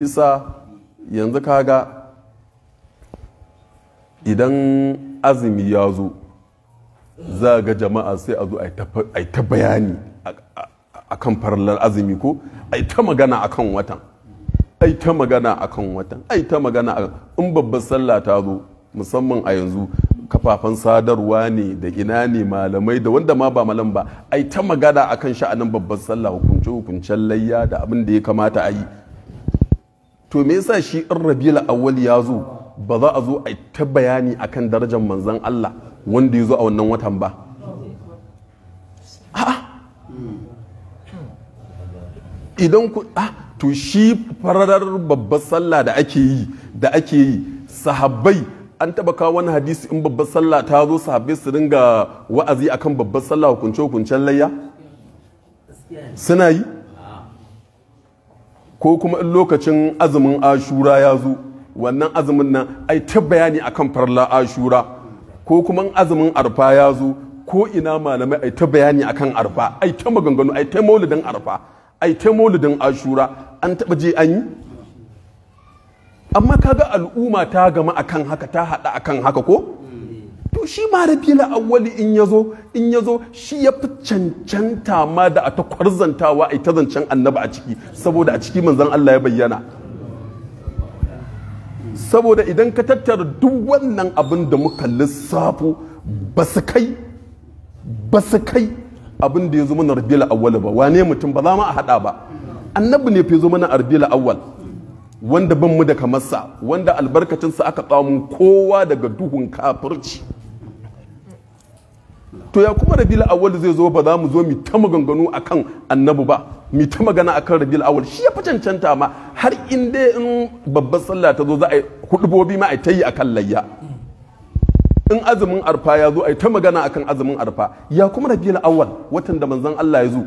isa yanzu kaga idan azumi ya zo za ga jama'a sai a zo a ta bayani a kan farlar azumi ko a ta magana a kan watan yi ta magana a kan watan yi ta magana a in babbar sallah ta zo musamman a yanzu kafafen sadarwa ne da ina ne malamai da wanda ma ba malam ba ai ta magana a kan sha'anin babbar sallah hukunce hukuncen layya da abin da ya kamata a yi to me yasa shi in rabiul awwal ya zo ba za a zo a ta bayani akan darajar manzon Allah wanda ya zo a wannan watan ba idan ku a to shi fararar babbar sallah da ake yi da ake yi sahabbai an taba kawo wani hadisi in babbar sallah ta zo sahabbai su dinga wa'azi akan babbar sallah hukunce hukuncen layya suna yi ko kuma in lokacin azumin ashura ya zo wannan azumin nan ai ta bayani akan farla ashura ko kuma azumin arfa ya zo ko ina malamai ai ta bayani akan arfa ai ta maganganu ai ta maulidin arfa ai ta maulidin ashura an taba je an yi amma kaga al'umma ta gama akan haka ta haɗa akan haka ko to shi ma rabiul awwali in yazo in yazo shi ya fi cancanta ma da a ta kwarzantawa a ita zancen annabi a ciki saboda a ciki manzan Allah ya bayyana saboda idan ka tattara duk wannan abin da muka lissafo ba su kai ba su kai abin da ya zo mana rabiul awwal ba wane mutum ba za mu a hada ba annabi ne fi zo mana rabiul awwal wanda ban mu da kamarsa wanda sa aka tsamu kowa daga duhun kafirci to ya kuma Rabi awwal zai zo ba za mu zo mu ta maganganu kan annabi ba mu ta magana kan Rabi awwal shi ya fi cancanta ma har in dai in babbar sallah ta zo za a yi hudubobi ma a ta yi kan layya in azumin arfa ya zo a yi ta magana a kan azumin arfa ya kuma Rabi awwal watan da manzon Allah ya zo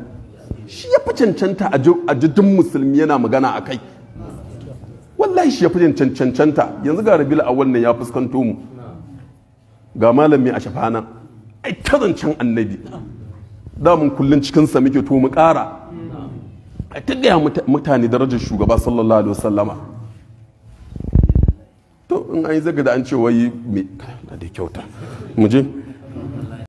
shi ya fi cancanta a jidin musulmi yana magana a kai wallahi shi ya fi cancanta yanzu ga Rabi awal ne ya fuskanto mu ga malami a shafana ai ta zancen annabi damun kullum cikinsa muke to mu ƙara a ta gaya mutane darajar shugaba sallallahu alaihi wasallama to in an yi zaga da an ce wai me da kyauta mu je